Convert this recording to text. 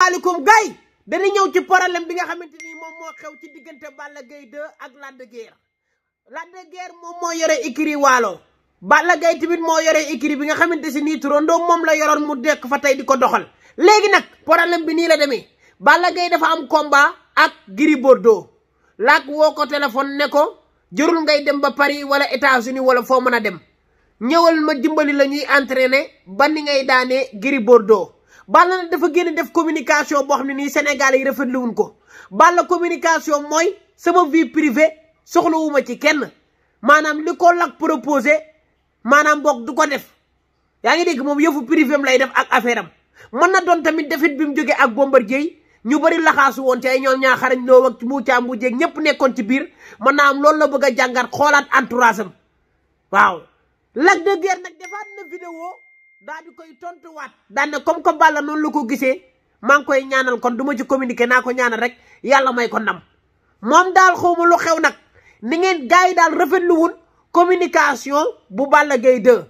maaleykum gay dañu ñëw ci problème bi nga xamante ni moom moo xew ci diggante Balla Gaye 2 ak Lac de Guiers Lac moom moo yore écurie Waalo Balla Gaye tamit moo yore écurie bi nga xamante si nii turandoo moom la yoroon mu dekk fa tey di ko doxal léegi nag problème bi nii la demee Balla Gaye dafa am komba ak Gris Bordeaux Lac woo ko téléphone ne ko jërul ngay dem ba Paris wala États-Unis wala foo mën a dem ñëwal ma dimbali la ñuy entraîner ba ni ngay daanee Gris Bordeaux Balla nag dafa génn def communication boo xam ne nii Sénégal yi rafetluwuñ ko Balla communication mooy sama vie privée soxlawuma ci kenn maanaam li ko lak proposé maanaam boog du ko def yaa ngi dégg moom yëfu privé mu lay def ak affaire am mën na doon tamit defit bi mu jógee ak Bombardier ñu bari laxaasu woon ci ay ñoom ñaa xarañ loo ak mu bu jeg ñëpp nekkoon ci biir mën naa am loolu la bëgg a jàngat xoolaat entourage am waaw Lac de Guiers nag defaat na vidéo daal di koy tontuwaat daan ne comme comme Balla noonu la ko gisee maa ngi koy ñaanal kon duma ma ci communiqué naa ko ñaanal rek yàlla may ko nam moom daal xawma lu xew nag ni ngeen gars yi daal rafetlu wun communication bu Balla Gaye 2